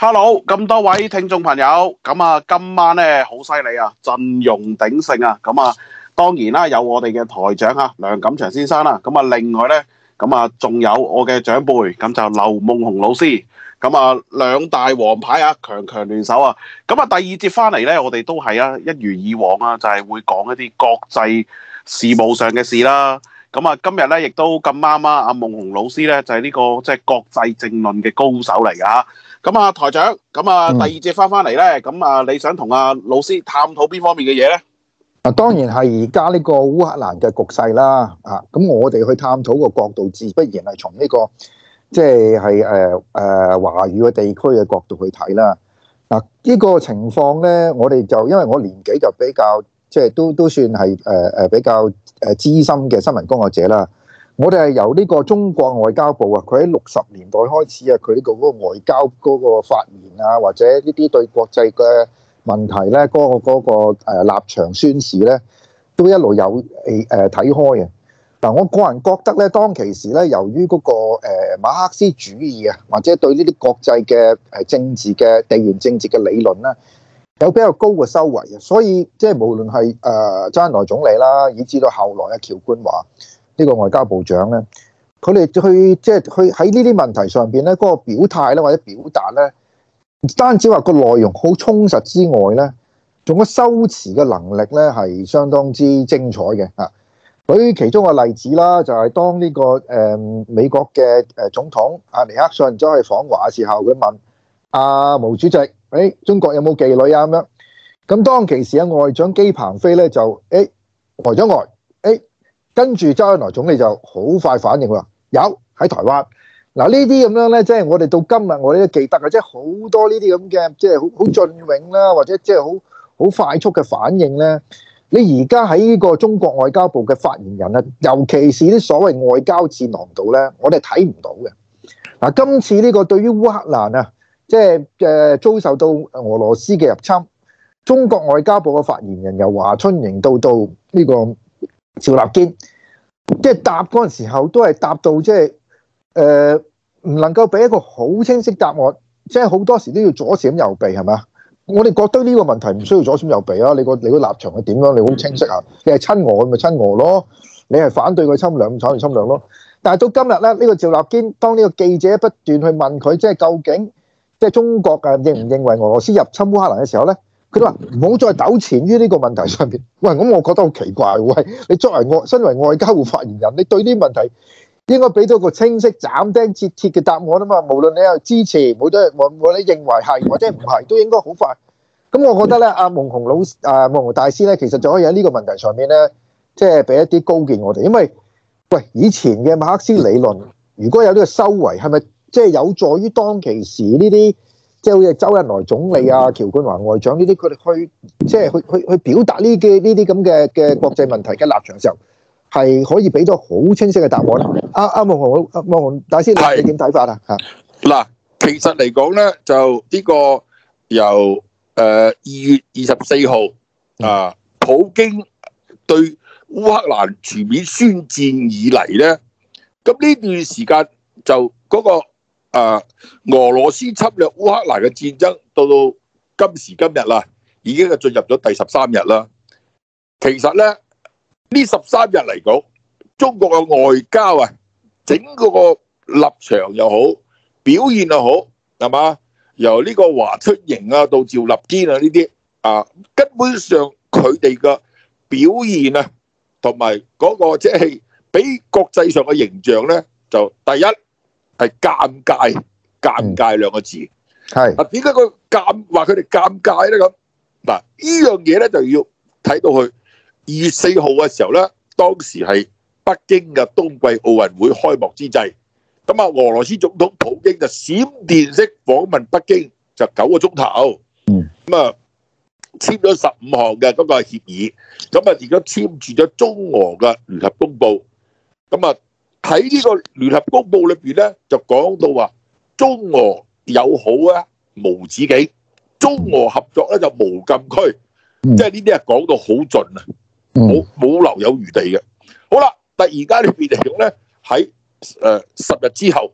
hello，咁多位聽眾朋友，咁啊今晚咧，好犀利啊，陣容鼎盛啊，咁啊當然啦，有我哋嘅台長啊梁錦祥先生啦，咁啊另外咧，咁啊仲有我嘅長輩，咁就劉夢熊老師，咁啊兩大王牌啊強強聯手啊，咁啊第二節翻嚟咧，我哋都係啊一如以往啊，就係會講一啲國際事務上嘅事啦，咁啊今日咧亦都咁啱啊，阿夢熊老師咧就係呢個即係國際政論嘅高手嚟㗎。咁啊，台長，咁啊，第二節翻翻嚟咧，咁啊，你想同阿老師探討邊方面嘅嘢咧？啊，當然係而家呢個烏克蘭嘅局勢啦，啊，咁我哋去探討個角度，自不然係從呢個，即係係誒誒華語嘅地區嘅角度去睇啦。嗱，呢個情況咧，我哋就因為我年紀就比較，即係都都算係誒誒比較誒資深嘅新聞工作者啦。我哋係由呢個中國外交部啊，佢喺六十年代開始啊，佢個嗰個外交嗰個發言啊，或者呢啲對國際嘅問題咧，嗰個，嗰個嗰個立場宣示咧，都一路有誒誒睇開嘅。但我個人覺得咧，當其時咧，由於嗰個誒馬克思主義啊，或者對呢啲國際嘅誒政治嘅地緣政治嘅理論咧，有比較高嘅收穫啊，所以即係無論係誒周恩來總理啦，以至到後來嘅喬冠華。呢、這個外交部長咧，佢哋去即係去喺呢啲問題上邊咧，嗰個表態咧或者表達咧，唔單止話個內容好充實之外咧，仲嘅修辭嘅能力咧係相當之精彩嘅嚇。舉其中個例子啦，就係、是、當呢、這個誒、嗯、美國嘅誒總統阿尼克遜走去訪華嘅時候，佢問阿、啊、毛主席，誒、哎、中國有冇妓女啊？咁樣咁當其時嘅外長姬鵬飛咧就誒來咗外。哎為跟住，周恩來總理就好快反應話，有喺台灣。嗱呢啲咁樣呢，即係我哋到今日我哋都記得嘅，即係好多呢啲咁嘅，即係好好進永啦，或者即係好好快速嘅反應呢。你而家喺呢個中國外交部嘅發言人啊，尤其是啲所謂外交戰狼度呢，我哋睇唔到嘅。嗱，今次呢個對於烏克蘭啊，即係誒遭受到俄羅斯嘅入侵，中國外交部嘅發言人由華春瑩到到呢個。趙立堅即係答嗰陣時候都係答到即係誒，唔能夠俾一個好清晰答案，即係好多時都要左閃右避係咪？我哋覺得呢個問題唔需要左閃右避啊！你個你個立場係點樣？你好清晰啊！你係親俄咪親俄咯，你係反對佢侵略咪采嚟侵略咯。但係到今日咧，呢個趙立堅當呢個記者不斷去問佢，即係究竟即係中國啊認唔認為俄羅斯入侵烏克蘭嘅時候咧？佢話：唔好再糾纏於呢個問題上邊。喂，咁我覺得好奇怪喎。喂，你作為外身為外交部發言人，你對呢個問題應該俾到個清晰、斬釘截鐵嘅答案啦嘛。無論你有支持，冇多人我我哋認為係或者唔係，都應該好快。咁我覺得咧，阿夢熊老阿夢熊大師咧，其實就可以喺呢個問題上面咧，即係俾一啲高見我哋。因為喂，以前嘅馬克思理論如果有呢個修為，係咪即係有助於當其時呢啲？即係好似周恩來總理啊、喬冠華外長呢啲，佢哋去即係去去去表達呢啲呢啲咁嘅嘅國際問題嘅立場嘅時候，係可以俾到好清晰嘅答案。阿阿夢熊，阿夢熊大師，你點睇法啊？吓嗱，其實嚟講咧，就呢個由誒二月二十四號啊，普京對烏克蘭全面宣戰以嚟咧，咁呢段時間就嗰、嗰個。誒，俄羅斯侵略烏克蘭嘅戰爭到到今時今日啦，已經係進入咗第十三日啦。其實咧，呢十三日嚟講，中國嘅外交啊，整個個立場又好，表現又好，係嘛？由呢個華春瑩啊，到趙立堅啊呢啲啊，根本上佢哋嘅表現啊，同埋嗰個即係俾國際上嘅形象咧，就第一。係尷尬，尷尬兩個字，係啊？點解佢尷話佢哋尷尬咧？咁嗱，呢樣嘢咧就要睇到去二月四號嘅時候咧，當時係北京嘅冬季奧運會開幕之際，咁啊，俄羅斯總統普京就閃電式訪問北京，就九個鐘頭，嗯，咁啊，簽咗十五項嘅嗰個協議，咁啊，而家簽住咗中俄嘅聯合公布，咁啊。喺呢個聯合公報裏邊咧，就講到話中俄友好咧無止境，中俄合作咧就無禁區，即係呢啲係講到好盡啊，冇冇留有餘地嘅。好啦，但而家裏邊嚟講咧，喺誒十日之後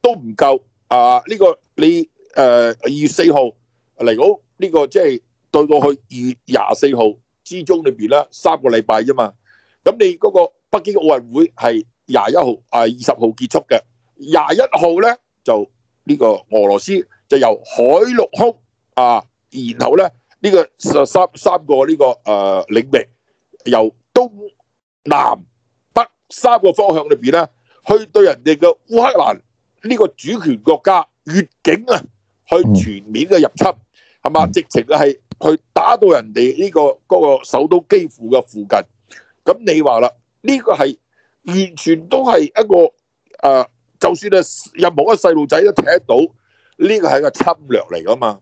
都唔夠啊！呢、這個你誒二、呃、月四號嚟到，呢、這個即係對到去二月廿四號之中裏邊咧三個禮拜啫嘛，咁你嗰個北京奧運會係。廿一號啊，二十號結束嘅。廿一號咧就呢、這個俄羅斯就由海陸空啊，然後咧呢、這個三三個呢、這個誒、呃、領域，由東南北三個方向裏邊咧去對人哋嘅烏克蘭呢個主權國家越境啊，去全面嘅入侵，係嘛？直情係去打到人哋、這、呢個嗰、那個首都基輔嘅附近。咁你話啦，呢、這個係？完全都係一個誒，就算係任何一個細路仔都睇得到，呢個係一個侵略嚟㗎嘛。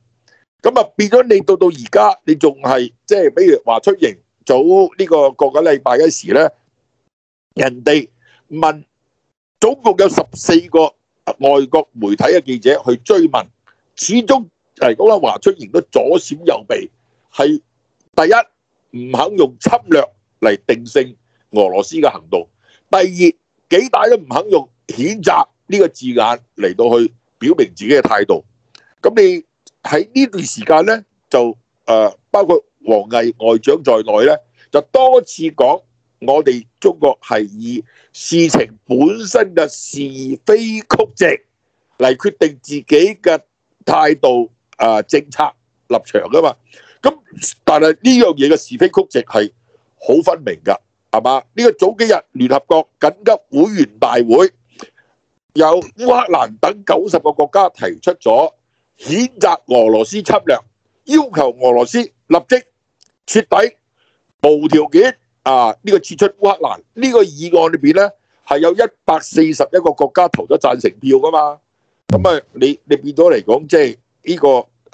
咁啊，變咗你到到而家，你仲係即係，比如話華春瑩早呢個個個禮拜嗰時咧，人哋問總共有十四個外國媒體嘅記者去追問，始終嚟講，華春瑩都左閃右避，係第一唔肯用侵略嚟定性俄羅斯嘅行動。第二幾大都唔肯用譴責呢個字眼嚟到去表明自己嘅態度。咁你喺呢段時間呢，就誒、呃、包括王毅外長在內呢，就多次講我哋中國係以事情本身嘅是非曲直嚟決定自己嘅態度啊、呃、政策立場㗎嘛。咁但係呢樣嘢嘅是非曲直係好分明㗎。係嘛？呢個早幾日聯合國緊急會員大會，由烏克蘭等九十個國家提出咗譴責俄羅斯侵略，要求俄羅斯立即徹底無條件啊呢個撤出烏克蘭。呢個議案裏邊呢，係有一百四十一個國家投咗贊成票噶嘛。咁啊，你你變咗嚟講，即係呢個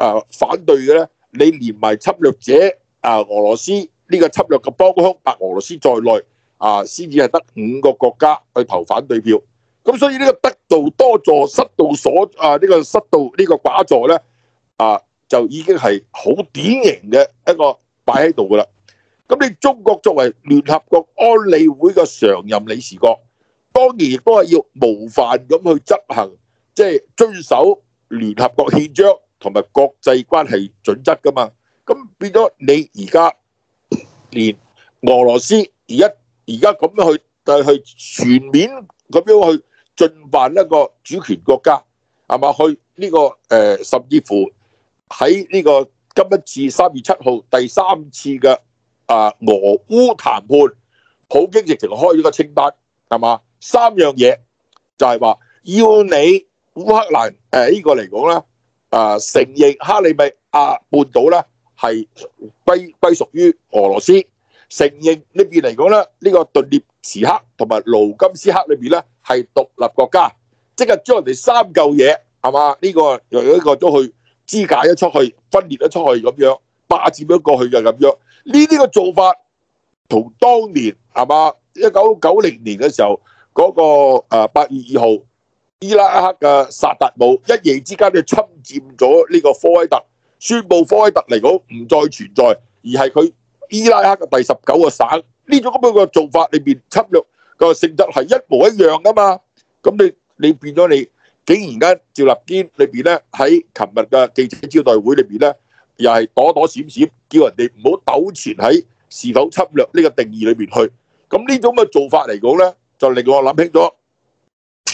啊反對嘅呢，你連埋侵略者啊俄羅斯。呢、這個侵略嘅幫兇，白俄羅斯在內啊，先至係得五個國家去投反對票。咁所以呢個得道多助，失道所啊，呢、這個失道呢、這個寡助咧啊，就已經係好典型嘅一個擺喺度噶啦。咁你中國作為聯合國安理會嘅常任理事國，當然亦都係要模範咁去執行，即、就、係、是、遵守聯合國憲章同埋國際關係準則噶嘛。咁變咗你而家。連俄羅斯而家而家咁樣去去全面咁樣去進犯一個主權國家，係嘛？去呢、這個誒、呃，甚至乎喺呢、這個今一次三月七號第三次嘅啊俄烏談判，普京直情開咗個清單，係嘛？三樣嘢就係話要你烏克蘭誒、啊這個、呢個嚟講啦，誒、啊、承認克里米亞、啊、半島啦。係歸歸屬於俄羅斯，承認呢邊嚟講啦，呢個頓涅茨克同埋盧甘斯克裏邊咧係獨立國家，即係將人哋三嚿嘢係嘛？呢個又一個都去肢解咗出去，分裂咗出去咁樣霸佔咗過去就咁樣。呢啲個做法同當年係嘛？一九九零年嘅時候嗰個誒八月二號伊拉克嘅薩達姆一夜之間就侵佔咗呢個科威特。宣布科威特嚟講唔再存在，而係佢伊拉克嘅第十九個省呢種咁樣嘅做法，裏邊侵略個性質係一模一樣噶嘛？咁你你變咗你，竟然間趙立堅裏邊咧喺琴日嘅記者招待會裏邊咧，又係躲躲閃閃，叫人哋唔好糾纏喺是否侵略呢個定義裏邊去。咁呢種嘅做法嚟講咧，就令我諗起咗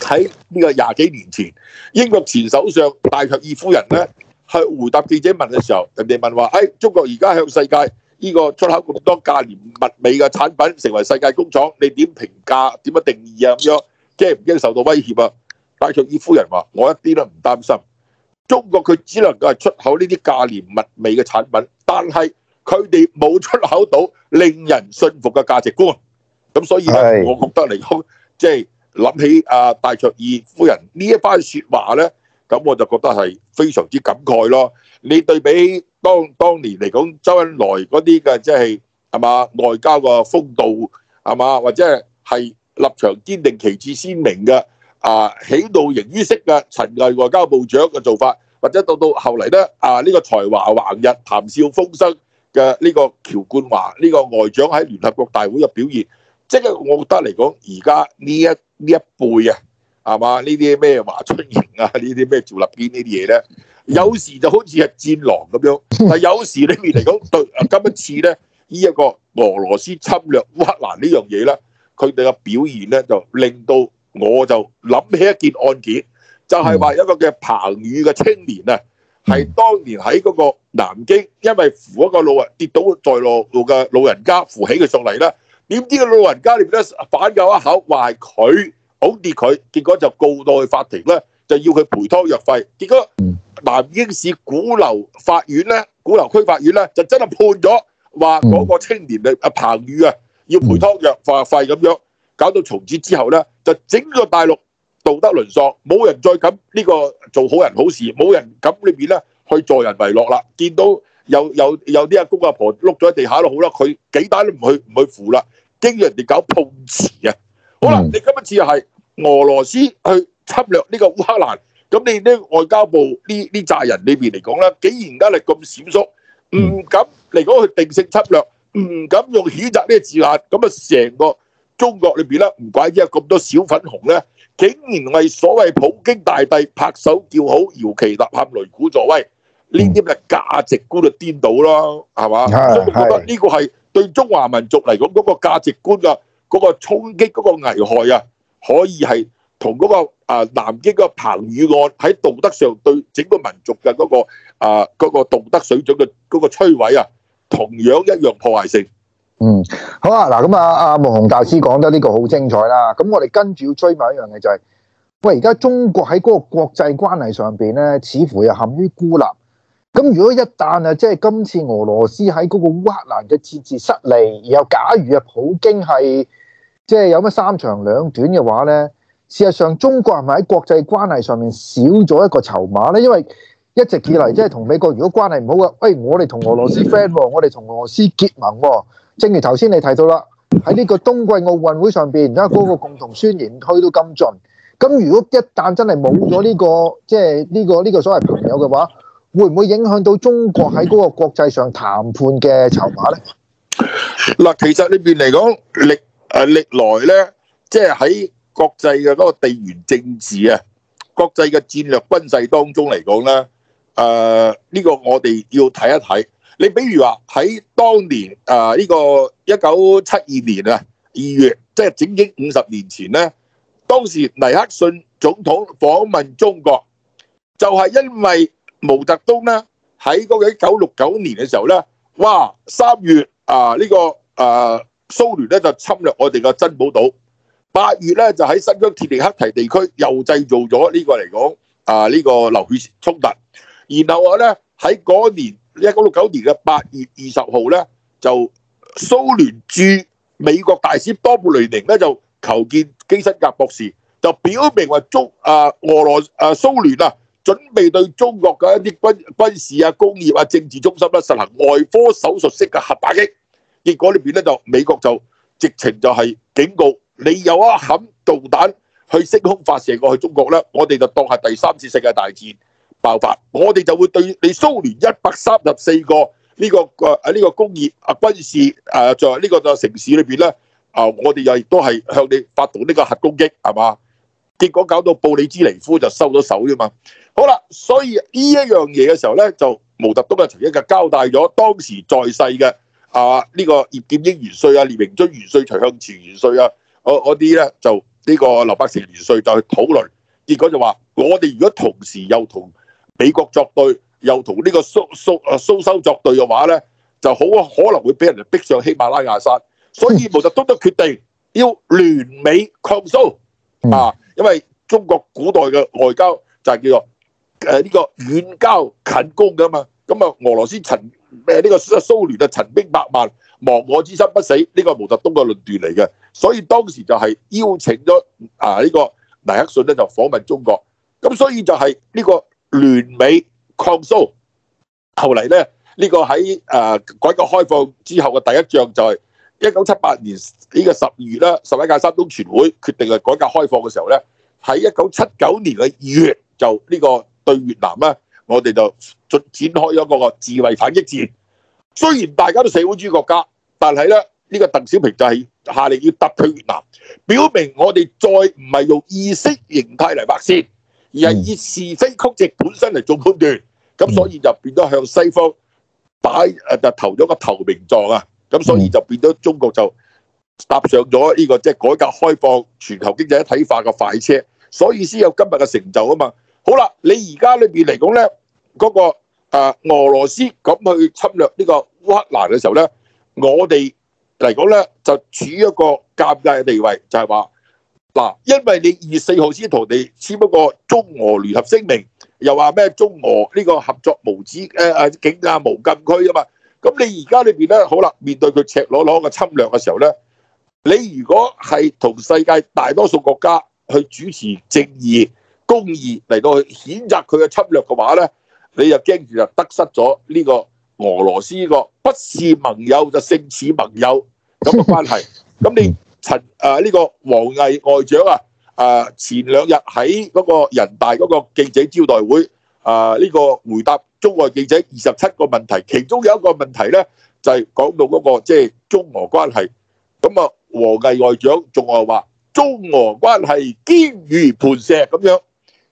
喺呢個廿幾年前，英國前首相戴卓爾夫人咧。去回答記者問嘅時候，人哋問話，誒、哎，中國而家向世界呢個出口咁多價廉物美嘅產品，成為世界工廠，你點評價？點樣定義啊？咁樣驚唔驚受到威脅啊？戴卓爾夫人話，我一啲都唔擔心。中國佢只能夠係出口呢啲價廉物美嘅產品，但係佢哋冇出口到令人信服嘅價值觀。咁所以啊，我覺得嚟講，即係諗起阿戴卓爾夫人呢一班説話咧。咁我就覺得係非常之感慨咯。你對比當，當年嚟講，周恩來嗰啲嘅即係嘛外交嘅風度係嘛，或者係立場堅定旗幟鮮、旗幟鮮明嘅啊，喜怒形於色嘅陳毅外交部長嘅做法，或者到到後嚟咧啊，呢、這個才華橫溢談笑風生嘅呢個喬冠華呢、這個外長喺聯合國大會嘅表現，即係我覺得嚟講，而家呢一呢一輩啊～係嘛？呢啲咩華春瑩啊？呢啲咩趙立堅呢啲嘢咧？有時就好似係戰狼咁樣，但有時裏面嚟講，對今一次咧，呢一個俄羅斯侵略烏克蘭呢樣嘢咧，佢哋嘅表現咧就令到我就諗起一件案件，就係話一個嘅彭宇嘅青年啊，係當年喺嗰個南京，因為扶一個老啊跌倒在路路嘅老人家扶起佢上嚟啦，點知個老人家入邊咧反咬一口話係佢。好跌佢，結果就告到去法庭咧，就要佢賠湯藥費。結果南京市鼓樓法院咧，鼓樓區法院咧，就真係判咗話嗰個青年啊，阿彭宇啊，要賠湯藥費咁樣。搞到從此之後咧，就整個大陸道德淪喪，冇人再敢呢個做好人好事，冇人敢裡面呢邊咧去助人為樂啦。見到有有有啲阿公阿婆碌咗喺地下都好啦，佢幾大都唔去唔去扶啦，驚住人哋搞碰瓷啊！好啦，你今一次係俄羅斯去侵略呢個烏克蘭，咁你呢外交部呢呢扎人裏邊嚟講咧，竟然而家係咁閃縮，唔敢嚟講去定性侵略，唔敢用譴責呢個字眼，咁啊成個中國裏邊咧，唔怪之有咁多小粉紅咧，竟然為所謂普京大帝拍手叫好，搖旗吶喊擂鼓助威，呢啲咪價值觀就顛倒咯，係嘛？所以我覺得呢個係對中華民族嚟講嗰個價值觀噶。嗰、那個衝擊嗰個危害啊，可以係同嗰個啊南京嗰彭宇案喺道德上對整個民族嘅嗰、那個啊嗰、那個、道德水準嘅嗰個摧毀啊，同樣一樣破壞性。嗯，好啊，嗱咁啊，阿夢熊大師講得呢個好精彩啦。咁我哋跟住要追問一樣嘢，就係、是，喂，而家中國喺嗰個國際關係上面咧，似乎又陷於孤立。咁如果一旦啊，即係今次俄羅斯喺嗰個烏克蘭嘅戰事失利，然後假如啊，普京係即係有咩三長兩短嘅話咧，事實上中國係咪喺國際關係上面少咗一個籌碼咧？因為一直以嚟即係同美國如果關係唔好嘅，哎，我哋同俄羅斯 friend，我哋同俄羅斯結盟。正如頭先你提到啦，喺呢個冬季奧運會上邊，而家嗰個共同宣言推到咁盡。咁如果一旦真係冇咗呢個，即係呢個呢個所謂朋友嘅話，會唔會影響到中國喺嗰個國際上談判嘅籌碼呢？嗱、嗯，其實呢邊嚟講歷誒歷來呢，即係喺國際嘅嗰個地緣政治啊，國際嘅戰略軍勢當中嚟講咧，誒、啊、呢、這個我哋要睇一睇。你比如話喺當年誒呢、啊這個一九七二年啊二月，即、就、係、是、整整五十年前呢，當時尼克遜總統訪問中國，就係、是、因為毛澤東咧喺嗰個一九六九年嘅時候咧，哇！三月啊，呢個啊蘇聯咧就侵略我哋嘅珍寶島。八月咧就喺新疆鐵力克提地區又製造咗呢個嚟講啊呢個流血衝突。然後我咧喺嗰年一九六九年嘅八月二十號咧，就蘇聯駐美國大使多布雷寧咧就求見基辛格博士，就表明話中啊俄羅啊蘇聯啊。準備對中國嘅一啲軍軍事啊、工業啊、政治中心咧，實行外科手術式嘅核打擊。結果裏邊咧就美國就直情就係警告你有一冚導彈去升空發射過去中國咧，我哋就當係第三次世界大戰爆發，我哋就會對你蘇聯一百三十四個呢、這個個呢、呃呢個工業啊、軍事誒，就、呃、呢、呢個城市裏邊咧啊，我哋又都係向你發動呢個核攻擊，係嘛？結果搞到布里茲尼夫就收咗手啫嘛。好啦，所以呢一樣嘢，嘅時候咧，就毛澤東啊曾經就交代咗，當時在世嘅啊呢個葉劍英元帥啊、聶榮臻元帥、徐向前元帥啊，我啲咧就呢個劉伯承元帥就去討論，結果就話我哋如果同時又同美國作對，又同呢個蘇蘇啊蘇修作對嘅話咧，就好可能會俾人哋逼上喜馬拉雅山，所以毛澤東都決定要聯美抗蘇啊，嗯，因為中國古代嘅外交就係叫做。誒呢個遠交近攻噶嘛，咁啊，俄羅斯陳誒呢個蘇聯啊，陳兵百萬，亡我之心不死，呢個毛澤東嘅論斷嚟嘅，所以當時就係邀請咗啊呢個尼克遜咧，就訪問中國，咁所以就係呢個聯美抗蘇。後嚟咧，呢個喺誒改革開放之後嘅第一仗就係一九七八年呢個十二月啦，十一屆三中全會決定嘅改革開放嘅時候咧，喺一九七九年嘅二月就呢個。對越南咧，我哋就進展開咗個自衛反擊戰。雖然大家都社會主義國家，但係咧呢、這個鄧小平就係下令要打佢越南，表明我哋再唔係用意識形態嚟劃線，而係以是非曲直本身嚟做判斷。咁所以就變咗向西方擺誒就投咗個投名狀啊！咁所以就變咗中國就搭上咗呢個即係改革開放、全球經濟一體化嘅快車，所以先有今日嘅成就啊嘛！好啦，你而家裏邊嚟講咧，嗰、那個啊、呃、俄羅斯咁去侵略呢個烏克蘭嘅時候咧，我哋嚟講咧就處於一個尷尬嘅地位，就係話嗱，因為你二月四號先同你簽一個中俄聯合聲明，又話咩中俄呢個合作無止誒誒、呃、警戒無禁區啊嘛，咁你而家裏邊咧好啦，面對佢赤裸裸嘅侵略嘅時候咧，你如果係同世界大多數國家去主持正義。公義嚟到去譴責佢嘅侵略嘅話呢，你就驚住就得失咗呢個俄羅斯呢個不是盟友就勝似盟友咁嘅關係。咁你陳啊呢個王毅外長啊啊前兩日喺嗰個人大嗰個記者招待會啊呢個回答中外記者二十七個問題，其中有一個問題呢就係講到嗰個即係中俄關係咁啊。王毅外長仲話：中俄關係堅如磐石咁樣。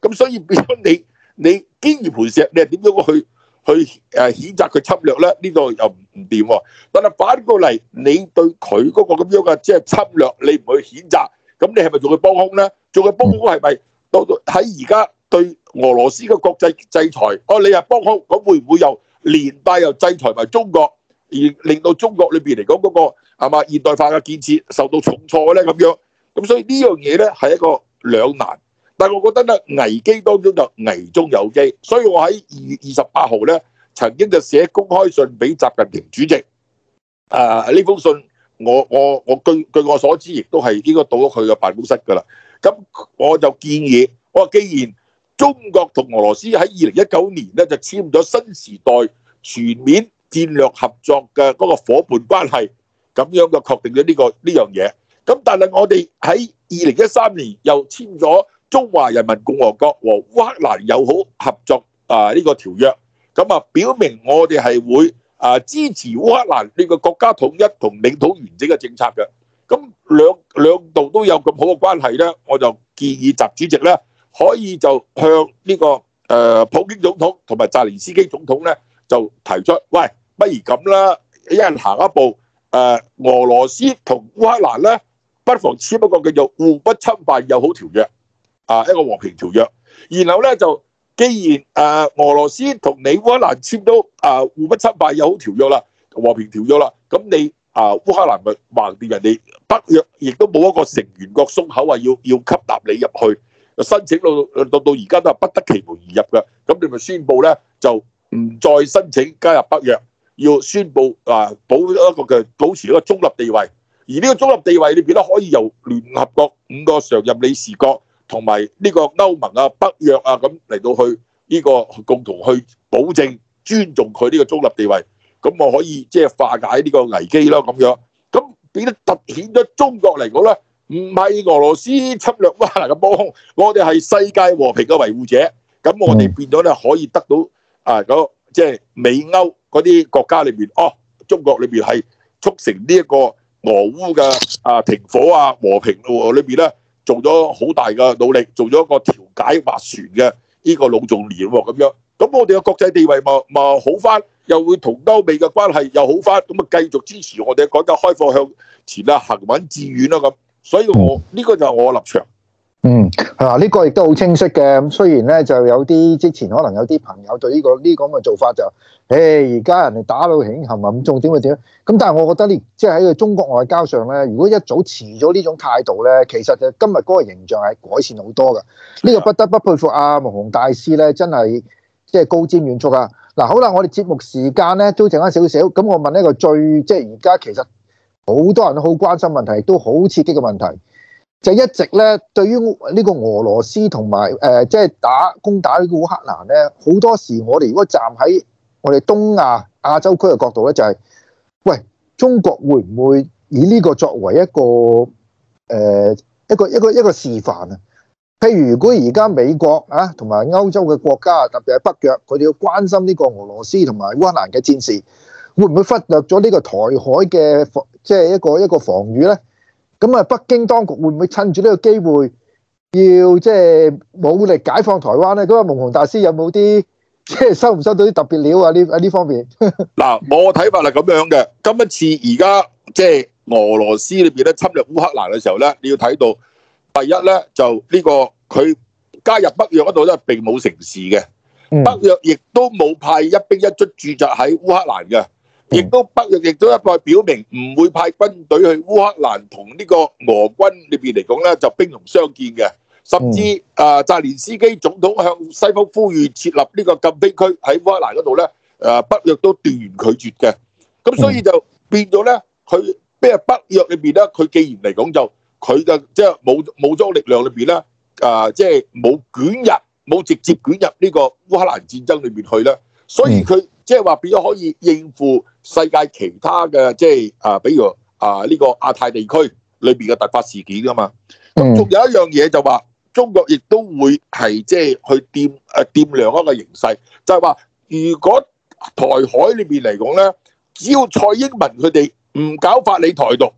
咁所以變咗你，你堅如磐石，你係點樣去去誒譴責佢侵略咧？呢個又唔唔掂喎。但係反過嚟，你對佢嗰個咁樣嘅即係侵略，你唔去譴責，咁你係咪仲去幫兇咧？仲去幫兇係咪到到喺而家對俄羅斯嘅國際制裁？哦、啊，你又幫兇，咁會唔會又連帶又制裁埋中國，而令到中國裏邊嚟講嗰個係嘛現代化嘅建設受到重挫咧？咁樣咁所以呢樣嘢咧係一個兩難。但係，我覺得咧，危機當中就危中有機，所以我喺二月二十八號咧，曾經就寫公開信俾習近平主席。啊，呢封信我我我據據我所知，亦都係應該到咗佢嘅辦公室㗎啦。咁我就建議，我話既然中國同俄羅斯喺二零一九年咧就簽咗新時代全面戰略合作嘅嗰個夥伴關係，咁樣就確定咗呢個呢樣嘢。咁但係我哋喺二零一三年又簽咗。中華人民共和國和烏克蘭友好合作啊，呢、這個條約咁啊，表明我哋係會啊支持烏克蘭呢個國家統一同領土完整嘅政策嘅。咁兩兩度都有咁好嘅關係呢，我就建議習主席呢，可以就向呢、這個誒、呃、普京總統同埋澤連斯基總統呢，就提出，喂，不如咁啦，一人行一步，誒、呃，俄羅斯同烏克蘭呢，不妨簽一個叫做互不侵犯友好條約。啊！一個和平條約，然後咧就既然誒俄羅斯同你烏克蘭簽到誒互不侵犯友好條約啦，和平條約啦，咁你啊烏克蘭咪橫掂人哋北約亦都冇一個成員國鬆口話要要吸納你入去，申請到到到而家都係不得其門而入嘅，咁你咪宣佈咧就唔再申請加入北約，要宣佈啊保一個嘅保持一個中立地位，而呢個中立地位裏面都可以由聯合國五個常任理事國。同埋呢個歐盟啊、北約啊咁嚟到去呢個共同去保證尊重佢呢個中立地位，咁我可以即係化解呢個危機咯咁樣。咁變得突顯咗中國嚟講咧，唔係俄羅斯侵略烏克蘭嘅幫兇，我哋係世界和平嘅維護者。咁我哋變咗咧可以得到啊嗰即係美歐嗰啲國家裏邊哦，中國裏邊係促成呢一個俄烏嘅啊停火啊和平咯喎，裏邊咧。做咗好大嘅努力，做咗一個調解划船嘅呢個老仲年喎、哦，咁樣，咁我哋嘅國際地位嘛，好翻，又會同歐美嘅關係又好翻，咁啊繼續支持我哋改革開放向前啊，行穩致遠啦咁，所以我呢、這個就係我的立場。嗯，嗱，呢個亦都好清晰嘅。雖然咧，就有啲之前可能有啲朋友對呢個呢咁嘅做法就，誒，而家人哋打到起，係咪咁重點會點？咁但係我覺得呢，即係喺個中國外交上咧，如果一早遲咗呢種態度咧，其實就今日嗰個形象係改善好多噶。呢個不得不佩服阿夢熊大師咧，真係即係高瞻遠矚啊！嗱，好啦，我哋節目時間咧都剩翻少少，咁我問一個最即係而家其實好多人都好關心問題，都好刺激嘅問題。就一直咧，對於呢個俄羅斯同埋誒，即係打攻打呢個烏克蘭咧，好多時我哋如果站喺我哋東亞亞洲區嘅角度咧，就係喂，中國會唔會以呢個作為一個誒一個一個一個示範啊？譬如如果而家美國啊，同埋歐洲嘅國家，特別係北約，佢哋要關心呢個俄羅斯同埋烏克蘭嘅戰事，會唔會忽略咗呢個台海嘅防，即係一個一個防禦咧？咁啊，北京當局會唔會趁住呢個機會，要即係武力解放台灣咧？咁啊，夢熊大師有冇啲即係收唔收到啲特別料啊？呢喺呢方面，嗱， 我睇法係咁樣嘅。今一次而家即係俄羅斯裏邊咧，侵入烏克蘭嘅時候咧，你要睇到第一咧，就呢、呢個佢加入北約嗰度咧，並冇成事嘅，北約亦都冇派一兵一卒駐紮喺烏克蘭嘅。亦都北約亦都一再表明唔會派軍隊去烏克蘭同呢個俄軍裏邊嚟講咧，就兵戎相見嘅。甚至啊，澤連斯基總統向西方呼籲設立呢個禁兵區喺烏克蘭嗰度咧，啊，北約都斷然拒絕嘅。咁所以就變咗咧，佢邊啊北約裏邊咧，佢既然嚟講就佢就即係冇冇武裝力量裏邊咧，啊，即係冇捲入，冇直接捲入呢個烏克蘭戰爭裏邊去咧，所以佢。即係話變咗可以應付世界其他嘅即係啊，比如啊呢個亞太地區裏邊嘅突發事件㗎嘛。咁仲有一樣嘢就話中國亦都會係即係去掂啊掂量一個形勢，就係話如果台海裏邊嚟講咧，只要蔡英文佢哋唔搞法理台獨，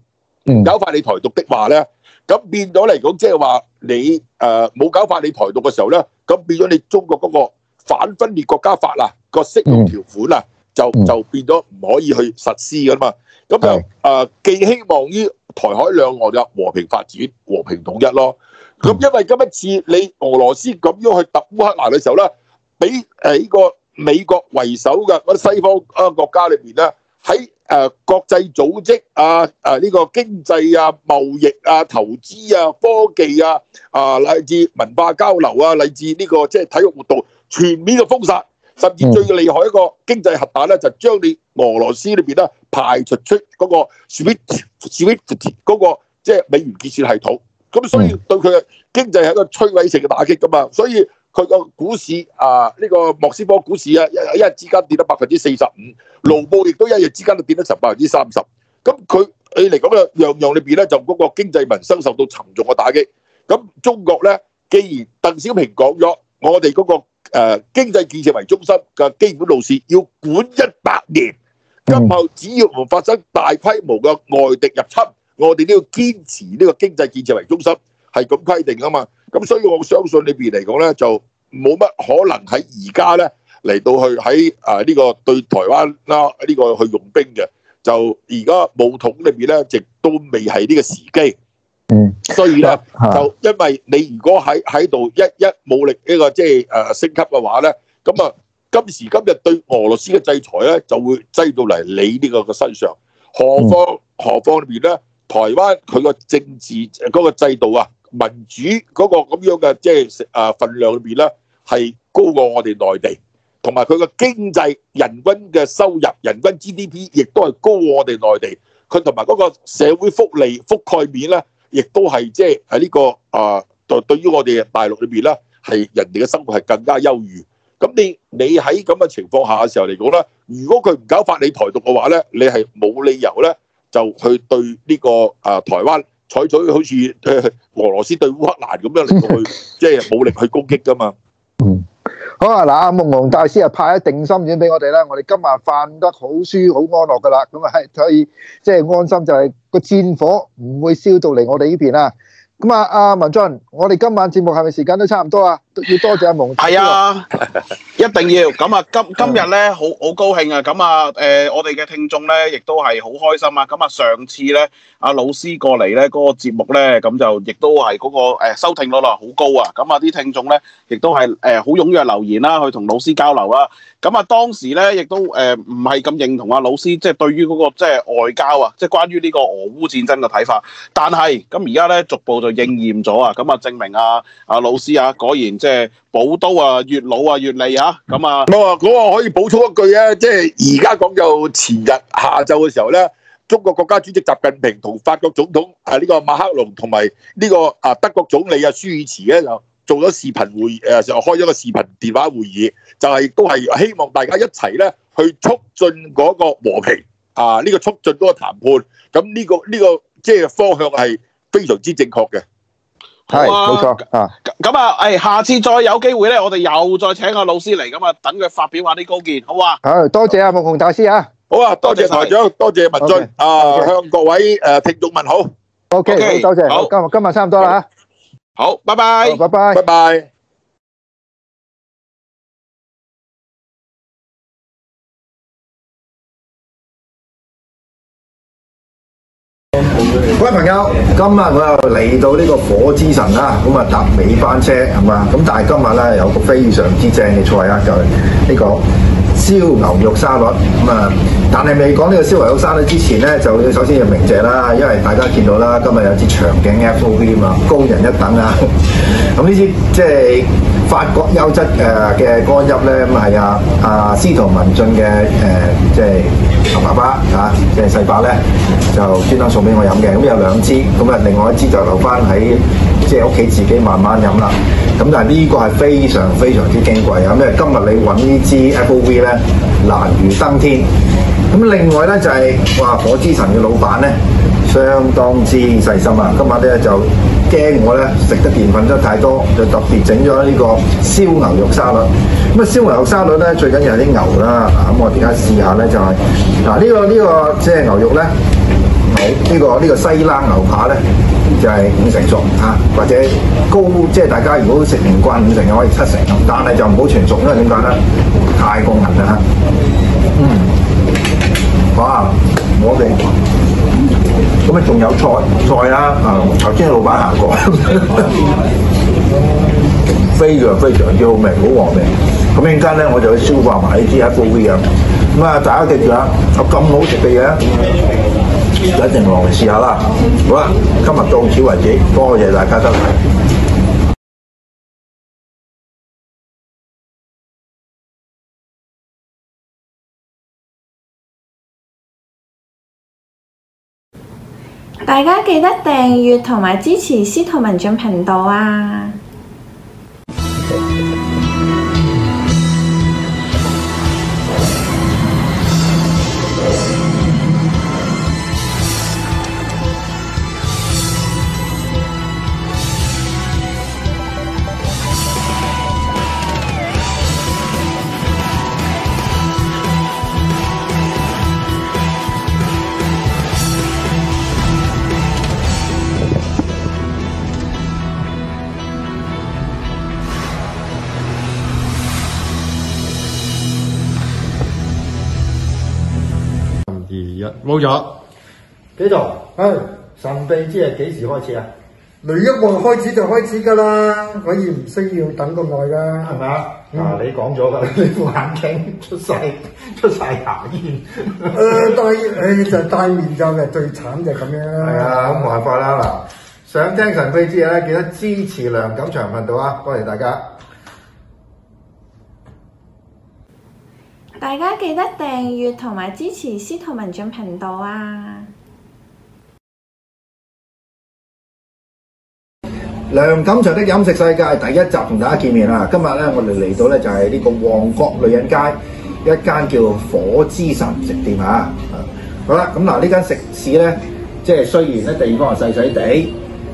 唔搞法理台獨的話咧，咁變咗嚟講即係話你誒冇搞法理台獨嘅時候咧，咁變咗你中國嗰個。反分裂國家法啊，個適用條款啊，就就變咗唔可以去實施噶啦嘛。咁就誒寄希望於台海兩岸嘅和平發展、和平統一咯。咁因為今一次你俄羅斯咁樣去揼烏克蘭嘅時候咧，俾誒呢個美國為首嘅啲西方啊國家裏面咧喺誒國際組織啊、誒呢個經濟啊、貿易啊、投資啊、科技啊啊，乃至文化交流啊，乃至呢個即係體育活動。全面嘅封殺，甚至最厲害的一個經濟核彈咧，就將你俄羅斯裏邊咧排除出嗰個 Swift 嗰個即係美元結算系統。咁所以對佢嘅經濟係一個摧毀性嘅打擊噶嘛。所以佢個股市啊，呢、呢個莫斯科股市啊，一一日之間跌咗百分之四十五，盧布亦都一日之間就跌咗成百分之三十。咁佢佢嚟講啊，樣樣裏邊咧就嗰個經濟民生受到沉重嘅打擊。咁中國咧，既然鄧小平講咗，我哋嗰、嗰個誒，經濟建設為中心嘅基本路線要管一百年。今後只要唔發生大規模嘅外敵入侵，我哋都要堅持呢個經濟建設為中心係咁規定噶嘛。咁所以我相信裏邊嚟講咧，就冇乜可能喺而家咧嚟到去喺啊呢個對台灣啦呢個去用兵嘅。就而家武統裏邊咧，亦都未係呢個時機。嗯，所以咧就，因為你如果喺喺度一一武力呢個即係誒升級嘅話咧，咁啊今時今日對俄羅斯嘅制裁咧就會擠到嚟你呢個嘅身上，何況何況裏邊咧台灣佢個政治嗰個制度啊民主嗰個咁樣嘅即係誒份量裏邊咧係高過我哋內地，同埋佢個經濟人均嘅收入、人均 GDP 亦都係高過我哋內地，佢同埋嗰個社會福利覆蓋面咧。亦都係即係喺呢個啊、呃，對對於我哋大陸裏邊咧，係人哋嘅生活係更加優裕。咁你你喺咁嘅情況下嘅時候嚟講咧，如果佢唔搞法理台獨嘅話咧，你係冇理由咧就去對呢、這個啊、呃、台灣採取好似、呃、俄羅斯對烏克蘭咁樣嚟到去，即、就、係、是、武力去攻擊噶嘛。嗯。好啊！嗱，阿夢熊大師啊，派咗定心丸俾我哋啦，我哋今日瞓得好舒好安樂噶啦，咁啊可以即係安心、就係，就係個戰火唔會燒到嚟我哋呢邊啦，咁啊，阿文俊，我哋今晚節目係咪時間都差唔多啊？要多謝阿夢，係啊， 一定要咁啊！今今日咧，好好高興啊！咁啊，誒、呃，我哋嘅聽眾咧，亦都係好開心啊！咁啊，上次咧，阿老師過嚟咧，嗰個節目咧，咁就亦都係嗰個誒收聽率好高啊！咁啊，啲聽眾咧，亦都係誒好踴躍留言啦，去同老師交流啦。咁啊，當時咧，亦都誒唔係咁認同阿老師，即係對於嗰個即係外交啊，即係關於呢個俄烏戰爭嘅睇法。但係咁而家咧，逐步就應驗咗啊！咁啊，證明阿阿老師啊，果然即即係寶刀啊，越老啊越利啊，咁啊，咁啊，個可以補充一句啊，即係而家講就前日下晝嘅時候咧，中國國家主席習近平同法國總統啊呢、這個馬克龍同埋呢個啊德國總理啊舒爾茨咧就做咗視頻會誒，就、啊、開咗個視頻電話會議，就係、是、都係希望大家一齊咧去促進嗰個和平啊，呢、這個促進嗰個談判，咁呢、這個呢、這個即係方向係非常之正確嘅。係，冇錯啊。咁啊，誒、哎，下次再有機會咧，我哋又再請阿老師嚟，咁啊，等佢發表下啲高見，好啊。好，多謝阿夢熊大師啊。好啊，多謝台長，多謝，多謝文俊 okay，啊，okay. 向各位誒、呃、聽眾問好。O、okay，K，okay，多謝。好，今日今日差唔多啦吓，啊。好，拜拜，拜拜，拜拜。Bye bye。各位朋友，今日我又嚟到呢個火之神啦，咁啊，搭尾班車係嘛，咁但係今日咧有一個非常之正嘅菜啊，就係呢個燒牛肉沙律。咁啊，但係未講呢個燒牛肉沙律之前咧，就要首先要鳴謝啦，因為大家見到啦，今日有支長頸 FOP 啊嘛，高人一等啊，咁呢啲即係。法國優質誒嘅干邑咧，咁係啊，啊司徒文進嘅誒，即係爸爸啊，即係細伯咧，就專登送俾我飲嘅。咁有兩支，咁啊另外一支就留返喺即係屋企自己慢慢飲啦。咁但係呢個係非常非常之矜貴，有咩？今日你揾呢支 Apple V 咧難如登天。咁另外咧就係、是、哇火之神嘅老闆咧，相當之細心啊。今晚咧就～驚我咧食得澱粉質太多，就特別整咗呢個燒牛肉沙律。咁啊，燒牛肉沙律咧最緊要係啲牛啦，咁、啊、我點解試下咧就係嗱呢個呢、呢個即係、即係、牛肉咧，好、啊、呢、呢個呢、呢個西冷牛扒咧就係、係、五成熟啊，或者高即係、即係、大家如果食唔慣五成，可以七成，但係就唔好全熟，因為點解咧太過韌啦、啊。嗯，好啊，我哋。咁啊，仲有菜菜啦？啊、嗯，頭先老闆行過呵呵，非常非常之好味，很好和味。咁一陣呢，我就去消化埋呢啲啊高啊。咁啊，大家記住啊，有咁好食嘅嘢，一定嚟試下啦。好啦，今日到此為止，多謝大家收睇。大家記得訂閱同埋支持司徒文進頻道啊！幾多？唉，神秘之夜幾時開始啊？雷一望開始就開始噶啦，我而唔需要等咁耐噶，係咪、嗯、啊？嗱、嗯，你講咗噶，你副眼鏡出晒出晒牙煙，誒戴誒就戴、是、面罩嘅，最慘就咁樣啦。係啊，咁冇辦法啦嗱。想聽神秘之夜咧，記得支持梁錦祥頻道啊！多謝大家。大家記得訂閱同埋支持司徒文進頻道啊！梁錦祥的飲食世界第一集同大家見面啦！今日咧，我哋嚟到咧就係、是、呢個旺角女人街一間叫火之神食店啊！好啦，咁嗱，呢間食肆咧，即係雖然咧地方係細細地。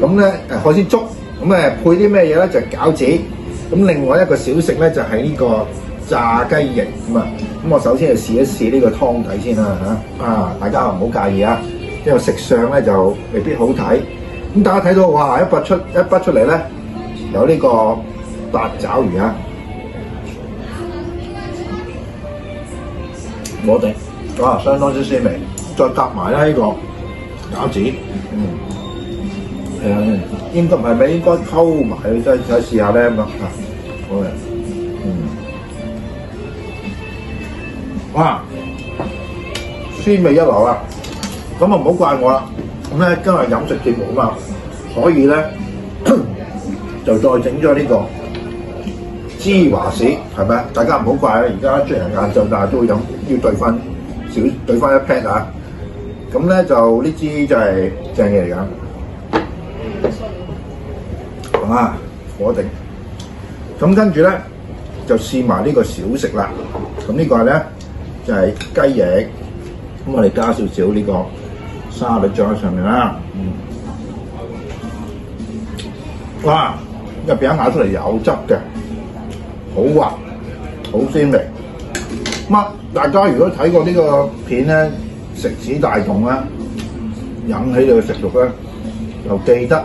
咁咧誒海鮮粥，咁配啲咩嘢咧？就係、餃子。咁另外一個小食咧就係、是、呢個炸雞翼咁啊。咁我首先就試一試呢個湯底先啦吓啊，大家唔好介意啊，因為食相咧就未必好睇。咁大家睇到哇一筆出一筆出嚟咧，有呢個八爪魚啊，我哋哇相當之鮮味，再搭埋呢個餃子，嗯。係、嗯、啊，應該唔係咩？應該溝埋，即再試下咧嘛嚇。好、嗯、啊，嗯。哇！酸味一流啊！咁啊唔好怪我啦。咁咧今日飲食節目啊嘛，所以咧就再整咗呢個芝華士係咪啊？大家唔好怪啊！而家雖然晏晝，但係都飲要對翻少對翻一 pat 啊。咁咧就呢支就係正嘢嚟㗎。啊，火定，咁跟住咧就試埋呢個小食啦。咁、這個、呢個咧就係、是、雞翼，咁我哋加少少呢個沙律醬喺上面啦。嗯，哇、啊，入邊咬出嚟有汁嘅，好滑，好鮮味。咁、啊、大家如果睇過呢個片咧，食指大動呢，引起你嘅食慾咧，就記得。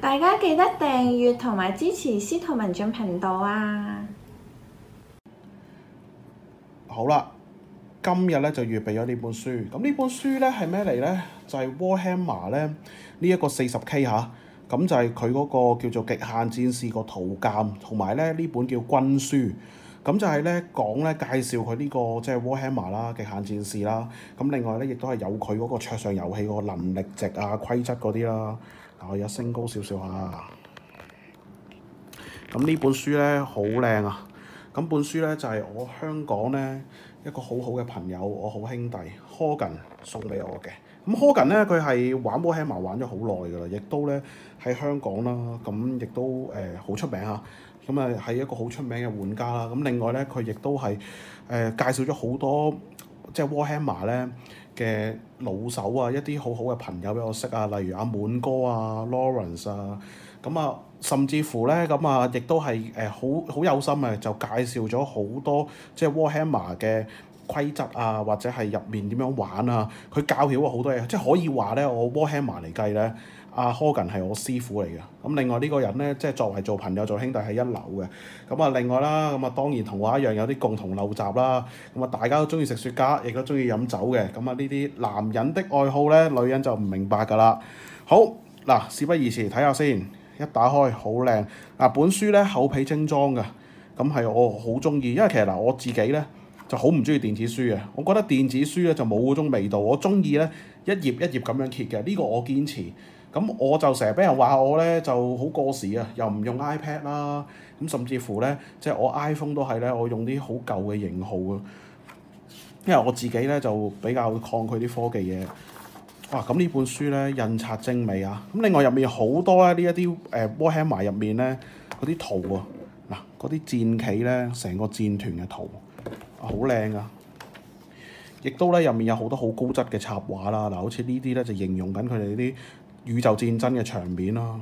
大家記得訂閱同埋支持司徒文進頻道啊！好啦，今日咧就預備咗呢本書。咁呢本書咧係咩嚟咧？就係、是、Warhammer 咧呢一個四十 K 嚇。咁就係佢嗰個叫做極限戰士個圖鑑，同埋咧呢本叫軍書。咁就係咧講咧介紹佢呢、這個即係、就是、Warhammer 啦，極限戰士啦。咁另外咧，亦都係有佢嗰個桌上遊戲個能力值啊規則嗰啲啦。我而家升高少少嚇。咁呢本書咧好靚啊！咁本書咧就係、是、我香港咧一個很好好嘅朋友，我好兄弟 Hogan 送俾我嘅。咁 Hogan 咧佢係玩 Warhammer 玩咗好耐㗎啦，亦都咧喺香港啦。咁亦都誒好、呃、出名嚇。咁啊係一個好出名嘅玩家啦。咁另外咧佢亦都係誒、呃、介紹咗好多即係 Warhammer 咧。嘅老手啊，一啲好好嘅朋友俾我識啊，例如阿滿哥啊、Lawrence 啊，咁啊，甚至乎咧，咁啊，亦都係誒好好有心啊，就介紹咗好多即係 Warhammer 嘅規則啊，或者係入面點樣玩啊，佢教曉我好多嘢，即係可以話咧，我 Warhammer 嚟計咧。阿柯根係我師傅嚟嘅，咁另外呢個人呢，即係作為做朋友做兄弟係一流嘅。咁啊，另外啦，咁啊當然同我一樣有啲共同陋習啦。咁啊，大家都中意食雪茄，亦都中意飲酒嘅。咁啊，呢啲男人的愛好呢，女人就唔明白㗎啦。好嗱，事不宜遲，睇下先。一打開好靚嗱，本書呢，厚皮精裝嘅，咁係我好中意，因為其實嗱我自己呢，就好唔中意電子書嘅，我覺得電子書呢，就冇嗰種味道。我中意呢，一頁一頁咁樣揭嘅，呢個我堅持。咁我就成日俾人話我咧就好過時啊，又唔用 iPad 啦，咁甚至乎咧即係我 iPhone 都係咧，我用啲好舊嘅型號啊，因為我自己咧就比較抗拒啲科技嘢。哇！咁呢本書咧印刷精美啊，咁另外入面好多咧呢一啲誒 Warhammer 入面咧嗰啲圖啊，嗱嗰啲戰旗咧成個戰團嘅圖好靚啊。亦都咧入面有好多好高質嘅插畫啦，嗱好似呢啲咧就形容緊佢哋啲宇宙戰爭嘅場面咯，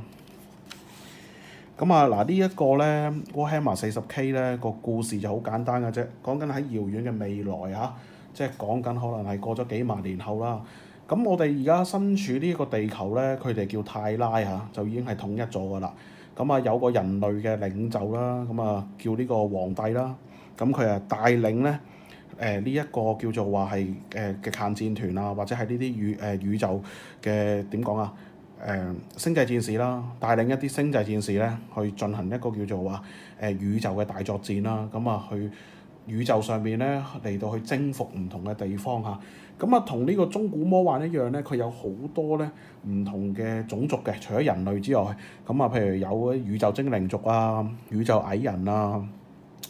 咁啊嗱呢一個咧《Warhammer 四十 K》咧個故事就好簡單嘅啫，講緊喺遙遠嘅未來嚇，即係講緊可能係過咗幾萬年後啦。咁我哋而家身處呢一個地球咧，佢哋叫泰拉嚇，就已經係統一咗㗎啦。咁啊有個人類嘅領袖啦，咁啊叫呢個皇帝啦。咁佢啊帶領咧，誒呢一個叫做話係誒嘅艦戰團啊，或者係呢啲宇誒宇宙嘅點講啊？誒星際戰士啦，帶領一啲星際戰士咧，去進行一個叫做話誒宇宙嘅大作戰啦。咁啊，去宇宙上面咧嚟到去征服唔同嘅地方嚇。咁啊，同呢個中古魔幻一樣咧，佢有好多咧唔同嘅種族嘅，除咗人類之外，咁啊，譬如有啲宇宙精靈族啊、宇宙矮人啊，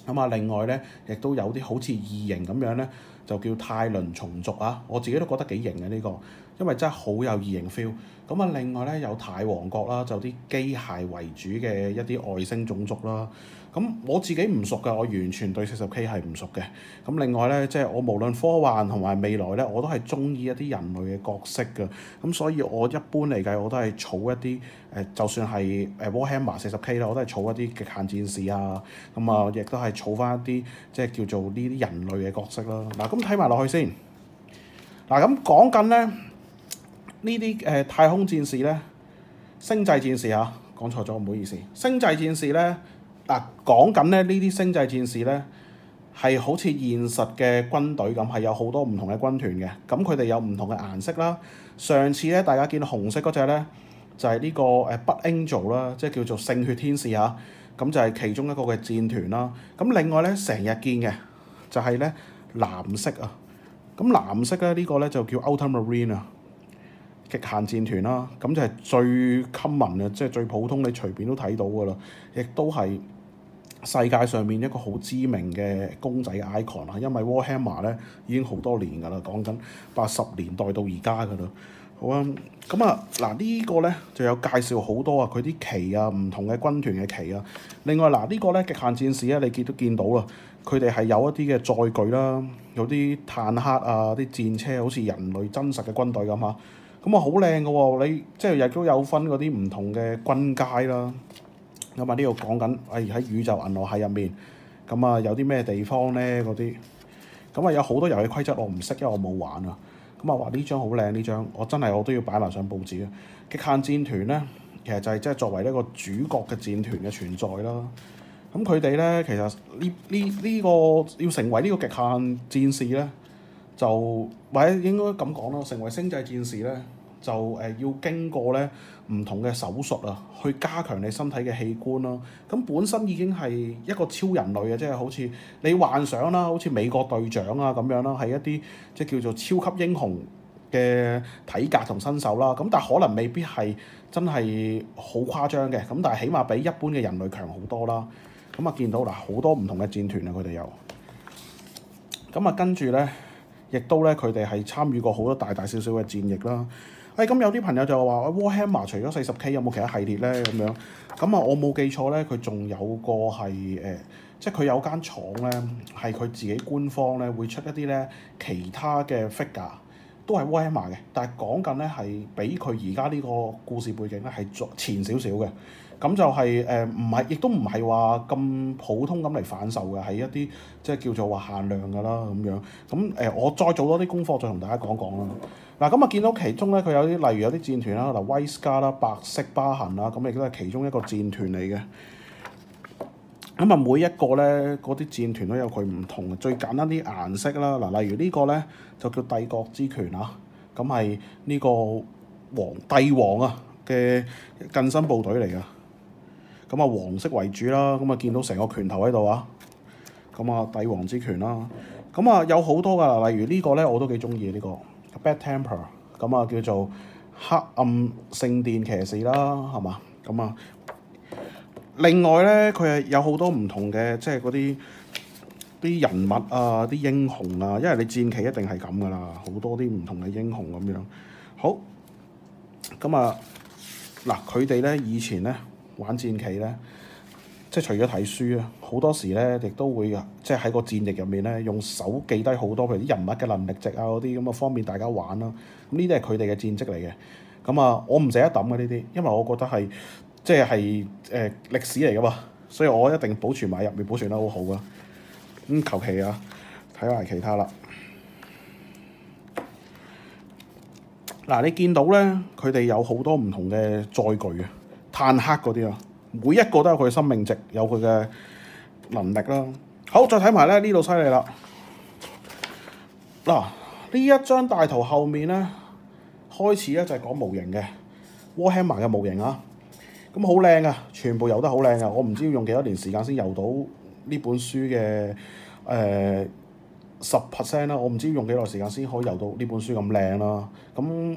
咁啊，另外咧亦都有啲好似異形咁樣咧，就叫泰倫蟲族啊。我自己都覺得幾型嘅呢個。因為真係好有異形 feel，咁啊，另外咧有泰王國啦，就啲機械為主嘅一啲外星種族啦。咁我自己唔熟嘅，我完全對四十 K 係唔熟嘅。咁另外咧，即係我無論科幻同埋未來咧，我都係中意一啲人類嘅角色㗎。咁所以我一般嚟計，我都係儲一啲誒，就算係誒 Warhammer 四十 K 啦，我都係儲一啲極限戰士啊。咁啊，亦都係儲翻一啲即係叫做呢啲人類嘅角色啦。嗱，咁睇埋落去先。嗱，咁講緊咧。呢啲誒太空戰士咧，星際戰士嚇，講錯咗唔好意思。星際戰士咧嗱，講緊咧呢啲星際戰士咧係好似現實嘅軍隊咁，係有好多唔同嘅軍團嘅。咁佢哋有唔同嘅顏色啦。上次咧，大家見到紅色嗰隻咧就係呢個誒 Blood Angel 啦，即係叫做聖血天使嚇。咁就係其中一個嘅戰團啦。咁另外咧，成日見嘅就係咧藍色啊。咁藍色咧呢個咧就叫 Ultramarine 啊。極限戰團啦，咁就係最 common 嘅，即係最普通，你隨便都睇到㗎啦。亦都係世界上面一個好知名嘅公仔嘅 icon 啦，因為 Warhammer 咧已經好多年㗎啦，講緊八十年代到而家㗎啦。好啊，咁啊嗱呢個咧就有介紹好多啊，佢啲旗啊，唔同嘅軍團嘅旗啊。另外嗱、這個、呢個咧極限戰士咧，你見都見到啦，佢哋係有一啲嘅載具啦，有啲坦克啊，啲戰車，好似人類真實嘅軍隊咁嚇。咁啊好靚噶喎！你即係入邊都有分嗰啲唔同嘅軍階啦。咁啊呢度講緊，誒喺宇宙銀河系入面，咁啊有啲咩地方咧嗰啲？咁啊有好多遊戲規則我唔識，因為我冇玩啊。咁啊話呢張好靚呢張，我真係我都要擺埋上報紙啊。極限戰團咧，其實就係即係作為一個主角嘅戰團嘅存在啦。咁佢哋咧，其實呢呢呢個要成為呢個極限戰士咧。就或者應該咁講咯，成為星際戰士咧，就誒要經過咧唔同嘅手術啊，去加強你身體嘅器官咯。咁本身已經係一個超人類嘅，即係好似你幻想啦，好似美國隊長啊咁樣啦，係一啲即係叫做超級英雄嘅體格同身手啦。咁但係可能未必係真係好誇張嘅，咁但係起碼比一般嘅人類強好多啦。咁啊，見到嗱好多唔同嘅戰團啊，佢哋有。咁啊，跟住咧。亦都咧，佢哋係參與過好多大大小小嘅戰役啦。哎、咁、有啲朋友就話，Warhammer 除咗四十 K 有冇其他系列咧？咁樣，咁啊，我冇記錯咧，佢仲有個係、呃、即係佢有間廠咧，係佢自己官方咧會出一啲咧其他嘅 figure，都係 Warhammer 嘅，但係講緊咧係比佢而家呢個故事背景咧係前少少嘅。咁就係唔係，亦都唔係話咁普通咁嚟反售嘅，係一啲即係叫做話限量㗎啦咁樣。咁、呃、我再做多啲功課，再同大家講講啦。嗱，咁啊見到其中咧，佢有啲例如有啲戰團啦，嗱，威斯卡啦，白色疤痕啦，咁亦都係其中一個戰團嚟嘅。咁啊，每一個咧，嗰啲戰團都有佢唔同嘅，最簡單啲顏色啦。嗱，例如個呢個咧就叫帝國之權啊，咁係呢個皇帝王啊嘅近身部隊嚟嘅。咁啊，黃色為主啦，咁啊見到成個拳頭喺度啊，咁啊帝王之拳啦，咁啊有好多噶啦，例如呢個咧我都幾中意呢個 Bad Temper，咁啊叫做黑暗聖殿騎士啦，係嘛？咁啊，另外咧佢係有好多唔同嘅，即係嗰啲啲人物啊，啲英雄啊，因為你戰棋一定係咁噶啦，好多啲唔同嘅英雄咁樣。好，咁啊嗱佢哋咧以前咧。玩戰棋咧，即係除咗睇書啊，好多時咧亦都會即係喺個戰役入面咧用手記低好多，譬如啲人物嘅能力值啊嗰啲咁嘅方便大家玩啦、啊。咁呢啲係佢哋嘅戰績嚟嘅。咁啊，我唔捨得抌啊呢啲，因為我覺得係即係係誒歷史嚟噶嘛，所以我一定保存埋入面，保存得好好啊。咁求其啊，睇埋其他啦。嗱，你見到咧，佢哋有好多唔同嘅載具啊。炭黑嗰啲啊，每一個都有佢嘅生命值，有佢嘅能力啦。好，再睇埋咧，呢度犀利啦。嗱，呢、啊、一張大圖後面咧，開始咧就係講模型嘅 Warhammer 嘅模型啊。咁好靚啊，全部遊得好靚、呃、啊。我唔知要用幾多年時間先遊到呢本書嘅誒十 percent 啦。我唔知要用幾耐時間先可以遊到呢本書咁靚啦。咁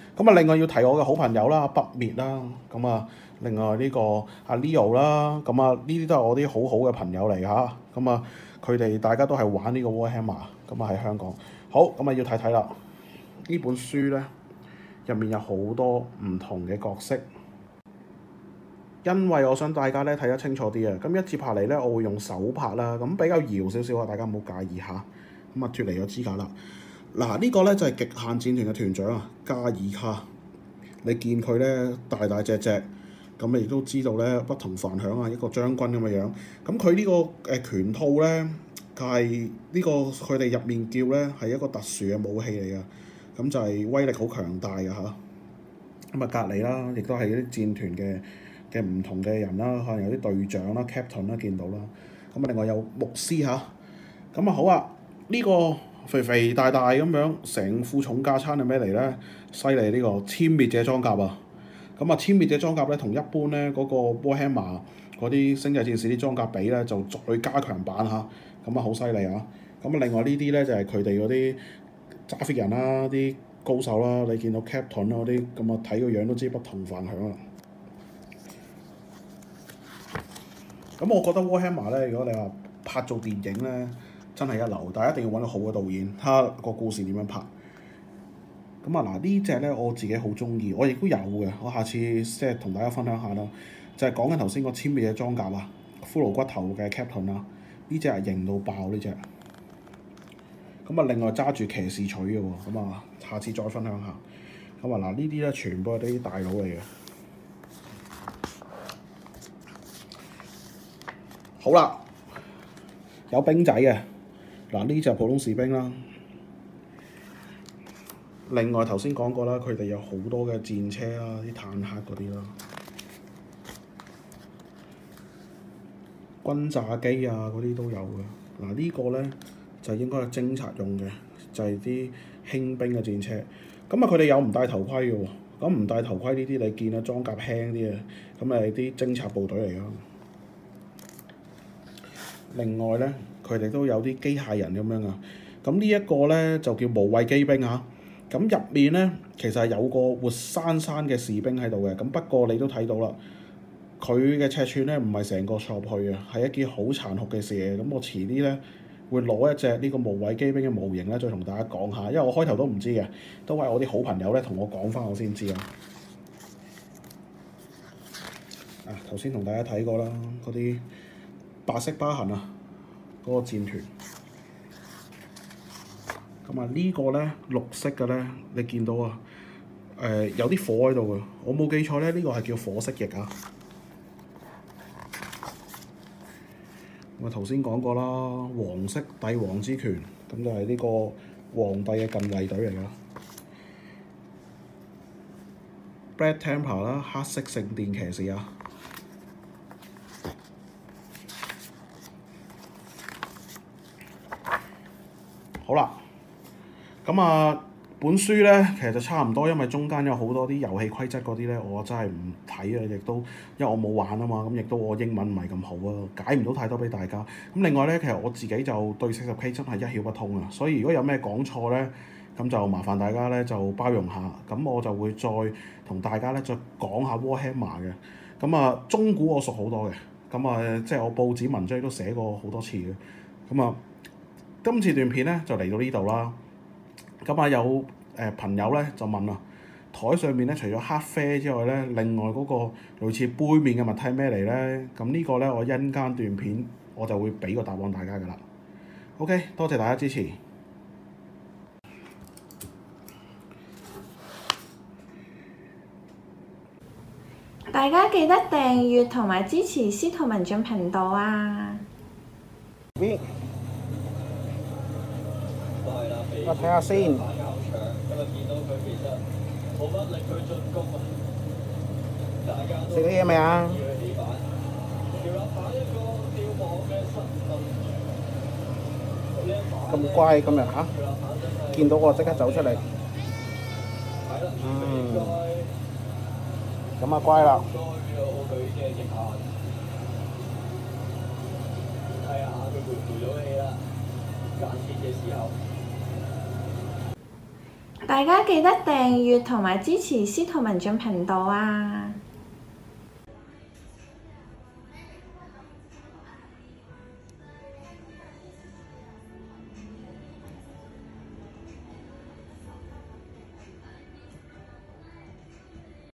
咁啊，另外要提我嘅好朋友啦，北滅啦，咁啊，另外呢個阿 Leo 啦，咁啊，呢啲都係我啲好好嘅朋友嚟嚇。咁啊，佢哋大家都係玩呢個 Warhammer，咁啊喺香港。好，咁啊要睇睇啦。呢本書咧入面有好多唔同嘅角色，因為我想大家咧睇得清楚啲啊。咁一接下嚟咧，我會用手拍啦，咁比較搖少少啊，大家唔好介意嚇。咁啊，脫離咗支架啦。嗱，呢個咧就係極限戰團嘅團長啊，加爾卡。你見佢咧大大隻隻，咁你亦都知道咧不同凡響啊，一個將軍咁嘅樣。咁佢呢個誒拳套咧，佢係呢個佢哋入面叫咧係一個特殊嘅武器嚟噶，咁就係威力好強大嘅嚇。咁啊，隔籬啦，亦都係啲戰團嘅嘅唔同嘅人啦，可能有啲隊長啦、Captain 啦見到啦。咁啊，另外有牧師嚇。咁啊，好啊，呢個。肥肥大大咁樣，成副重加餐係咩嚟咧？犀利呢個殲滅者裝甲啊！咁啊，殲滅者裝甲咧同一般咧嗰、那個 Warhammer 嗰啲星際戰士啲裝甲比咧，就再加強版嚇。咁啊，好犀利啊！咁啊，啊，另外呢啲咧就係佢哋嗰啲揸 fit 人啦、啊、啲高手啦、啊，你見到 Captain 啊嗰啲咁啊，睇個樣都知不同凡響啊！咁我覺得 Warhammer 咧，如果你話拍做電影咧，真係一流，但係一定要揾到好嘅導演，睇下個故事點樣拍。咁啊嗱，呢隻咧我自己好中意，我亦都有嘅，我下次即係同大家分享下咯。就係講緊頭先個簽名嘅裝甲啊，骷髏骨頭嘅 Captain 啊，呢隻係型到爆呢隻。咁啊，另外揸住騎士錘嘅喎，咁啊，下次再分享下。咁啊嗱，呢啲咧全部係啲大佬嚟嘅。好啦，有兵仔嘅。嗱、啊，呢就普通士兵啦。另外，頭先講過啦，佢哋有好多嘅戰車啦，啲坦克嗰啲啦，轟炸機啊嗰啲都有嘅。嗱、啊，這個、呢個咧就應該係偵察用嘅，就係、是、啲輕兵嘅戰車。咁啊，佢哋有唔戴頭盔嘅喎。咁唔戴頭盔呢啲，你見啊裝甲輕啲啊，咁係啲偵察部隊嚟咯。另外咧，佢哋都有啲機械人咁樣啊，咁呢一個咧就叫無畏機兵啊，咁入面咧其實係有個活生生嘅士兵喺度嘅，咁不過你都睇到啦，佢嘅尺寸咧唔係成個錯去啊，係一件好殘酷嘅事。咁我遲啲咧會攞一隻呢個無畏機兵嘅模型咧，再同大家講下，因為我開頭都唔知嘅，都係我啲好朋友咧同我講翻我先知啊。啊，頭先同大家睇過啦，嗰啲白色疤痕啊。嗰、那個戰團，咁啊呢個咧綠色嘅咧，你見到啊？誒、呃、有啲火喺度嘅，我冇記錯咧，呢、這個係叫火蜥蜴啊！我頭先講過啦，黃色帝王之拳，咁就係呢個皇帝嘅禁衛隊嚟噶。Black Templar 啦，黑色聖殿騎士啊！好啦，咁啊，本書咧其實就差唔多，因為中間有好多啲遊戲規則嗰啲咧，我真係唔睇啊，亦都因為我冇玩啊嘛，咁亦都我英文唔係咁好啊，解唔到太多俾大家。咁另外咧，其實我自己就對四十 K 真係一竅不通啊，所以如果有咩講錯咧，咁就麻煩大家咧就包容下，咁我就會再同大家咧再講下 Warhammer 嘅。咁啊，中古我熟好多嘅，咁啊，即係我報紙文章都寫過好多次嘅，咁啊。今次段片咧就嚟到呢度啦，咁啊有誒、呃、朋友咧就問啦，台上面咧除咗黑啡之外咧，另外嗰個類似杯麵嘅物體咩嚟咧？咁呢個咧我因間段片我就會俾個答案大家㗎啦。OK，多謝大家支持，大家記得訂閱同埋支持司徒文進頻道啊！嗯我睇下先。大家好長，今日見到佢其實冇乜力去進攻啊！食咗嘢未啊？咁乖咁樣吓？見到我即刻走出嚟。嗯。咁啊，乖啦。睇下佢回回咗氣啦，賺錢嘅時候。大家記得訂閱同埋支持司徒文進頻道啊！